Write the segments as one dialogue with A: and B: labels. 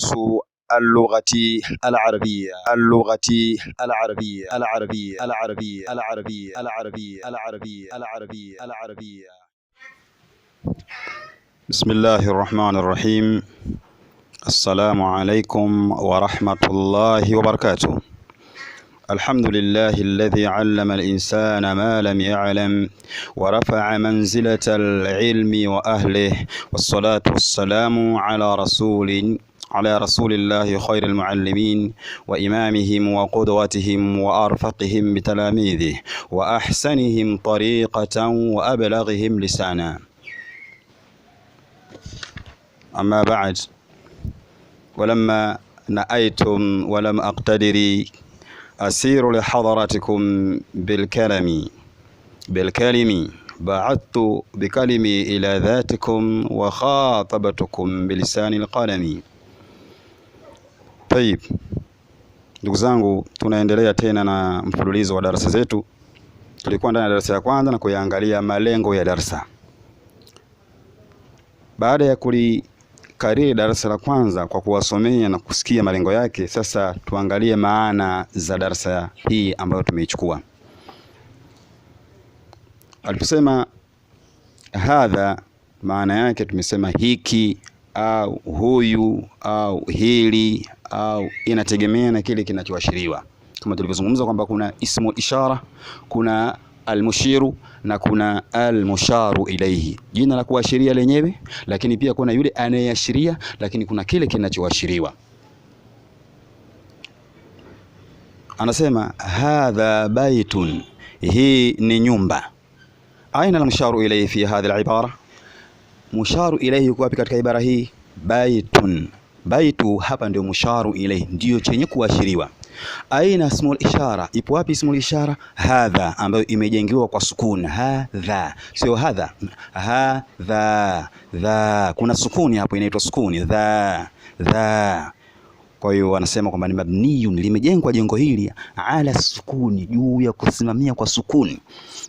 A: درس اللغة العربية اللغة العربية العربية العربية العربية العربية العربية العربية العربية بسم الله الرحمن الرحيم السلام عليكم ورحمة الله وبركاته الحمد لله الذي علم الإنسان ما لم يعلم ورفع منزلة العلم وأهله والصلاة والسلام على رسول على رسول الله خير المعلمين وإمامهم وقدوتهم وأرفقهم بتلاميذه وأحسنهم طريقة وأبلغهم لسانا أما بعد ولما نأيتم ولم أقتدر أسير لحضراتكم بالكلم بالكلم بعثت بكلمي إلى ذاتكم وخاطبتكم بلسان القلم Tayib, ndugu zangu, tunaendelea tena na mfululizo wa darasa zetu. Tulikuwa ndani ya darasa ya kwanza na kuyaangalia malengo ya darasa. Baada ya kulikariri darasa la kwanza kwa kuwasomea na kusikia malengo yake, sasa tuangalie maana za darasa hii ambayo tumeichukua. Aliposema hadha, maana yake tumesema hiki au huyu au hili au inategemea na kile kinachoashiriwa, kama tulivyozungumza kwamba kuna ismu ishara, kuna almushiru na kuna almusharu ilaihi, jina la kuashiria lenyewe, lakini pia kuna yule anayeashiria, lakini kuna kile kinachoashiriwa. Anasema hadha baitun, hii ni nyumba. Aina almusharu ilaihi fi hadhihi alibara, musharu ilaihi yuko wapi katika ibara hii? Baitun baitu hapa ndio musharu ilaihi, ndio chenye kuashiriwa. Aina small ishara ipo wapi? Small ishara hadha, ambayo imejengiwa kwa sukuni hadha, sio hadha hadha dha. Kuna sukuni hapo, inaitwa sukuni dha dha kwa hiyo wanasema kwamba ni mabniyun, limejengwa jengo hili ala sukuni, juu ya kusimamia kwa sukuni.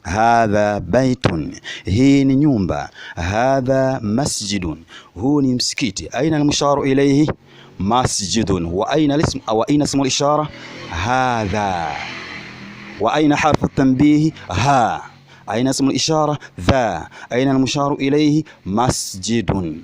A: Hadha baitun, hii ni nyumba. Hadha masjidun, huu ni msikiti. Aina almusharu ilayhi masjidun. Wa aina ism au aina ismu alishara hadha. Wa aina harfu tanbihi ha. Aina ismu alishara dha. Aina almusharu ilayhi masjidun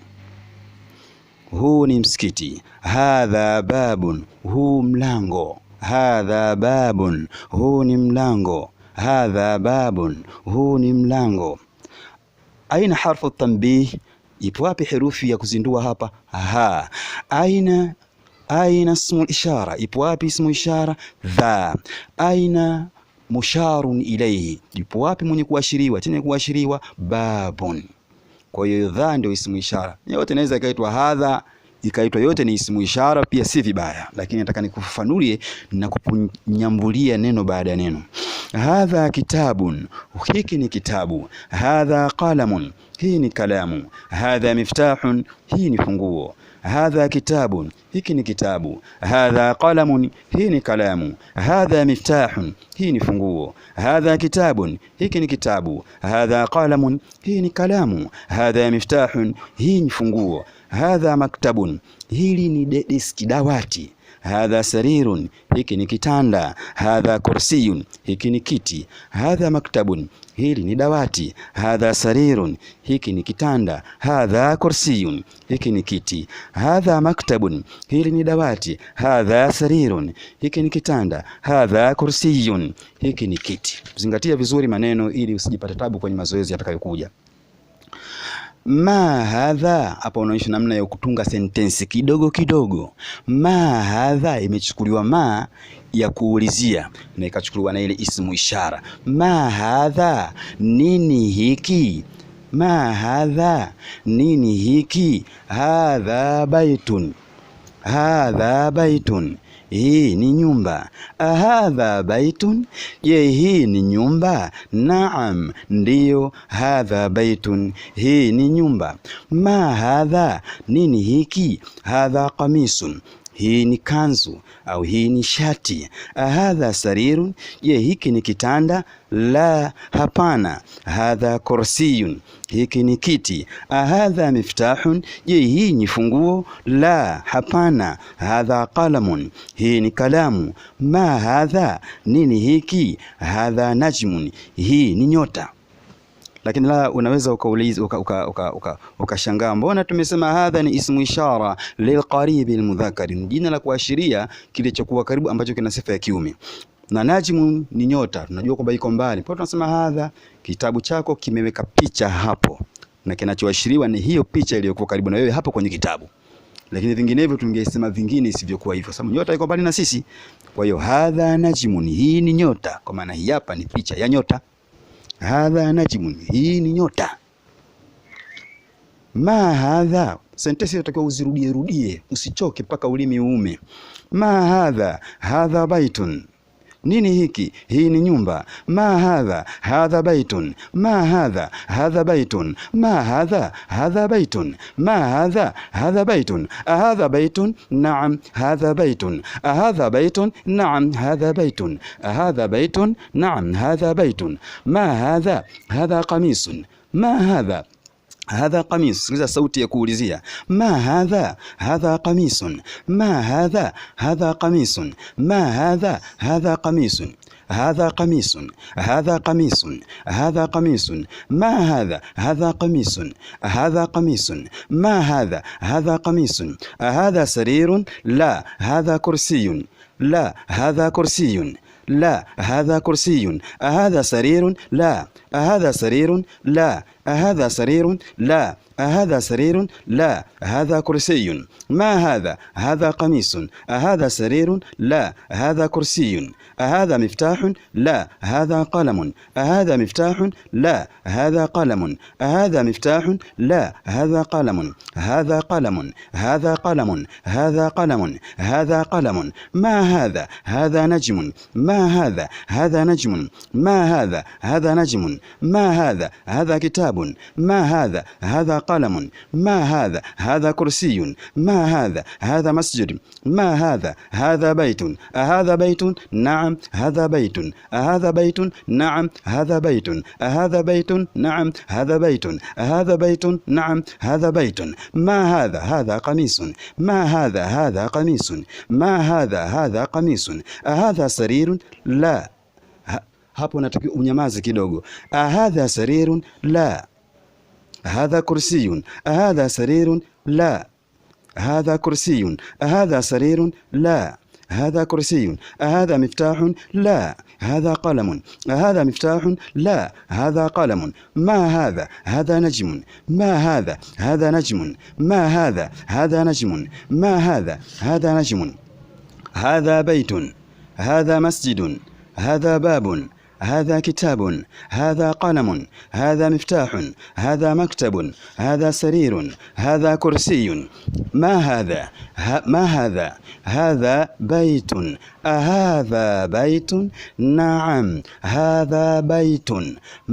A: huu ni msikiti. Hadha babun, huu mlango. Hadha babun, huu ni mlango. Hadha babun, huu ni mlango. Aina harfu tanbih, ipo wapi herufi ya kuzindua hapa? Aha. Aina aina ismu ishara, ipo wapi ismu ishara? Dha. Aina musharun ilaihi, ipo wapi mwenye kuashiriwa, chenye kuashiriwa? Babun. Kwa hiyo dha ndio isimu ishara. Yote inaweza ikaitwa hadha, ikaitwa yote ni isimu ishara pia si vibaya, lakini nataka nikufafanulie na kukunyambulia neno baada ya neno. Hadha kitabun, hiki ni kitabu. Hadha qalamun, hii ni kalamu. Hadha miftahun, hii ni funguo hadha kitabun, hiki ni kitabu. Hadha qalamun, hii ni kalamu. Hadha miftahun, hii ni funguo. Hadha kitabun, hiki ni kitabu. Hadha qalamun, hii ni kalamu. Hadha miftahun, hii ni funguo hadha maktabun, hili ni deski dawati. Hadha sarirun, hiki ni kitanda. Hadha kursiyun, hiki ni kiti. Hadha maktabun, hili ni dawati. Hadha sarirun, hiki ni kitanda. Hadha kursiyun, hiki ni kiti. Hadha maktabun, hili ni dawati. Hadha sarirun, hiki ni kitanda. Hadha kursiyun, hiki ni kiti. Zingatia vizuri maneno ili usijipate tabu kwenye mazoezi yatakayokuja ma hadha hapa unaonyesha namna ya kutunga sentensi kidogo kidogo. Ma hadha imechukuliwa ma ya kuulizia na ikachukuliwa na ile ismu ishara. Ma hadha, nini hiki? Ma hadha, nini hiki? Hadha baitun, hadha baitun hii ni nyumba. Ahadha baitun, je hii ni nyumba? Naam, ndiyo. Hadha baitun, hii ni nyumba. Ma hadha, nini hiki? Hadha qamisun hii ni kanzu au hii ni shati. Hadha sarirun, je hiki ni kitanda? La, hapana. Hadha kursiyun, hiki ni kiti. Hadha miftahun, je hii ni funguo? La, hapana. Hadha qalamun, hii ni kalamu. Ma hadha, nini hiki? Hadha najmun, hii ni nyota lakini la unaweza ukauliza uka, uka, uka, uka, uka mbona tumesema hadha ni ismu ishara lilqaribi almudhakkar, ni jina la kuashiria kile cha kuwa karibu ambacho kina sifa ya kiume na najmu ni nyota, tunajua kwamba iko mbali. Kwa tunasema hadha, kitabu chako kimeweka picha hapo, na kinachoashiriwa ni hiyo picha iliyokuwa karibu na wewe hapo kwenye kitabu, lakini vinginevyo tungesema vingine isivyokuwa hivyo, sababu nyota iko mbali na sisi. Kwa hiyo hadha najmu, hii ni nyota, kwa maana hii hapa ni picha ya nyota hadha najmun, hii ni nyota. Ma hadha, sentensi inatakiwa uzirudie rudie, usichoke mpaka ulimi uume. Ma hadha, hadha baitun nini hiki? Hii ni nyumba. Ma hadha, hadha baitun. Ma hadha, hadha baitun. Ma hadha, hadha baitun. Ma hadha, hadha baitun. Ahadha baitun? Naam, hadha baitun. Ahadha baitun? Naam, hadha baitun. Ahadha baitun? Naam, hadha baitun. Ma hadha, hadha قميص. ma hadha هذا قميص سكيزا صوتي يكوليزيا ما هذا هذا قميص ما هذا هذا قميص ما هذا هذا قميص هذا قميص هذا قميص هذا قميص ما هذا هذا قميص هذا قميص ما هذا هذا قميص هذا سرير لا هذا كرسي لا هذا كرسي لا هذا كرسي أهذا سرير لا أهذا سرير لا أهذا سرير لا أهذا سرير لا هذا كرسي ما هذا هذا قميص أهذا سرير لا هذا كرسي أهذا مفتاح لا هذا قلم أهذا مفتاح لا هذا قلم أهذا مفتاح لا هذا قلم هذا قلم هذا قلم هذا قلم هذا قلم ما هذا هذا نجم ما ما هذا هذا نجم ما هذا هذا نجم ما هذا هذا كتاب ما هذا هذا قلم ما هذا هذا كرسي ما هذا هذا مسجد ما هذا هذا بيت أهذا بيت نعم هذا بيت أهذا بيت نعم هذا بيت أهذا بيت نعم هذا بيت أهذا بيت نعم هذا بيت ما هذا هذا قميص ما هذا هذا قميص ما هذا هذا قميص أهذا سرير la ha, hapo natakiwa unyamaze kidogo. Ahadha sarirun la, ahadha kursiyun, ahadha sarirun la, ahadha kursiyun, ahadha sarirun la هذا كرسي هذا مفتاح لا هذا قلم هذا مفتاح لا هذا قلم ما هذا هذا نجم ما هذا هذا نجم ما هذا هذا نجم ما هذا هذا نجم هذا بيت هذا مسجد هذا باب هذا كتاب هذا قلم هذا مفتاح هذا مكتب هذا سرير هذا كرسي ما هذا ما هذا هذا بيت ahadha baitun? Naam, hadha baitun.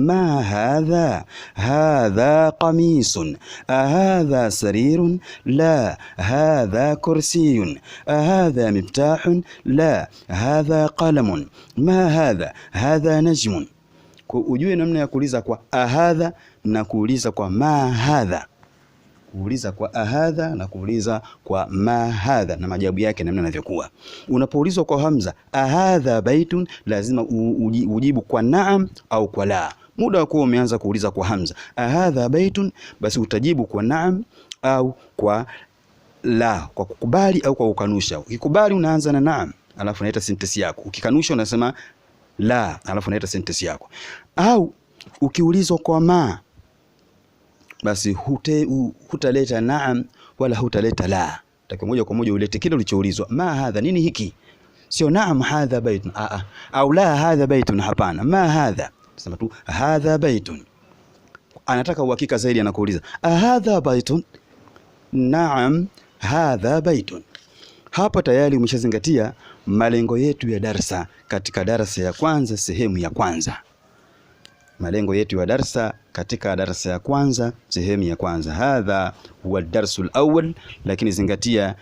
A: Ma hadha? Hadha qamisun. Ahadha sarirun? La. Hadha kursiyun. Ahadha miftahun? La. Hadha qalamun. Ma hadha? Hadha najmun. Ujue namna ya kuuliza kwa ahadha na kuuliza kwa ma hadha kuuliza kwa ahadha na kuuliza kwa mahadha na majibu yake namna yanavyokuwa. Unapoulizwa kwa hamza ahadha baitun, lazima ujibu kwa naam au kwa la. Muda wa kuwa umeanza kuuliza kwa hamza ahadha baitun, basi utajibu kwa naam au kwa la, kwa kukubali au kwa kukanusha. Ukikubali unaanza na naam, alafu unaita sentensi yako. Ukikanusha unasema la, alafu unaita sentensi yako. Au ukiulizwa kwa ma basi hute, hutaleta naam wala hutaleta la. Takiwa moja kwa moja ulete kile ulichoulizwa, ma hadha, nini hiki? Sio naam hadha baitun, a a, au la hadha baitun, hapana. Ma hadha, sema tu hadha baitun. Anataka uhakika zaidi, anakuuliza a hadha baitun? Naam, hadha baitun. Hapa tayari umeshazingatia malengo yetu ya darsa katika darasa ya kwanza sehemu ya kwanza malengo yetu ya darsa katika darsa ya kwanza sehemu ya kwanza. Hadha huwa darsu lawal lakini zingatia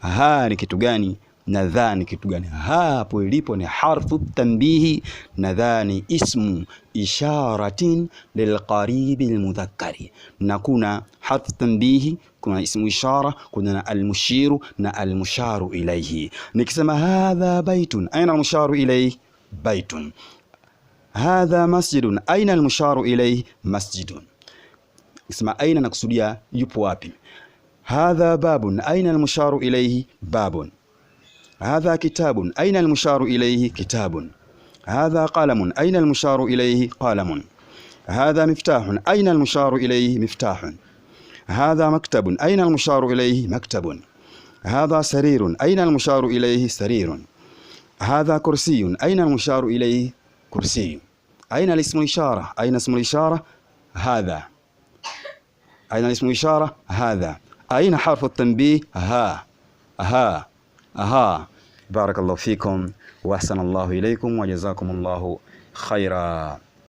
A: ha ni kitu gani na dha ni kitu gani. Hapo ilipo ni harfu tanbihi na dha ni ismu isharatin lilqaribi almudhakkari, na kuna harfu tanbihi, kuna ismu ishara, kuna na almushiru na almusharu ilayhi. Nikisema hadha baitun, aina almusharu ilayhi baitun هذا مسجد أين المشار إليه مسجد اسمع أين نقصد يا يبوابي هذا باب أين المشار إليه باب هذا كتاب أين المشار إليه كتاب هذا قلم أين المشار إليه قلم هذا مفتاح أين المشار إليه مفتاح هذا مكتب أين المشار إليه مكتب هذا سرير أين المشار إليه سرير هذا كرسي أين المشار إليه كرسي أين الاسم الإشارة أين اسم الإشارة هذا أين اسم الإشارة هذا أين حرف التنبيه ها ها ها بارك الله فيكم وأحسن الله إليكم وجزاكم الله خيرا